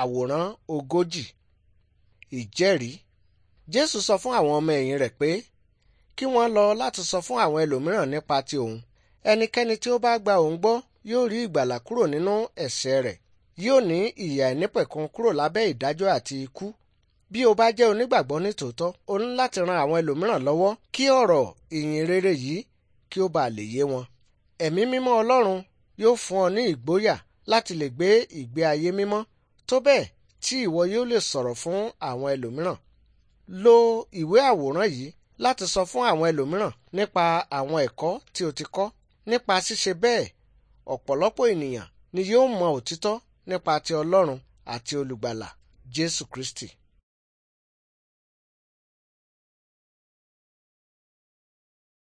àwòrán ogójì ìjẹ́rìí jésù sọ fún àwọn ọmọ ẹ̀yìn rẹ̀ pé kí wọ́n lọ láti sọ fún àwọn ẹlòmíràn nípa ti òun ẹnikẹ́ni tí ó bá gba òun gbọ́ yóò rí ìgbàlà kúrò nínú ẹ̀ṣẹ̀ rẹ̀ yóò ní ìyà ẹ̀nípẹ̀kun kúrò lábẹ́ ìdájọ́ àti ikú bí o bá jẹ́ onígbàgbọ́ nítòótọ́ o ní láti ran àwọn ẹlòmíràn lọ́wọ́ kí ọ̀rọ̀ ìyìn rere yìí kí ó bàa lè yé wọn ẹ̀mí mímọ́ ọlọ́run yóò fún ọ ní ìgboyà láti lè gbé ìgbé ayé mímọ́ tó bẹ́ẹ̀ tí ìwọ yóò lè sọ̀rọ̀ fún àwọn ẹlòmíràn. Lo ìwé àwòrán yìí láti sọ fún àwọn ẹlòmíràn nípa àwọn ẹ̀kọ́ tí o ti kọ́. Nípa ṣíṣe bẹ́ẹ̀, ọ̀pọ̀lọpọ̀ ènìyàn ni yóò mọ òtítọ́ nípa ti Ọlọ́run àti Olùgbàlà Jésù Kristi.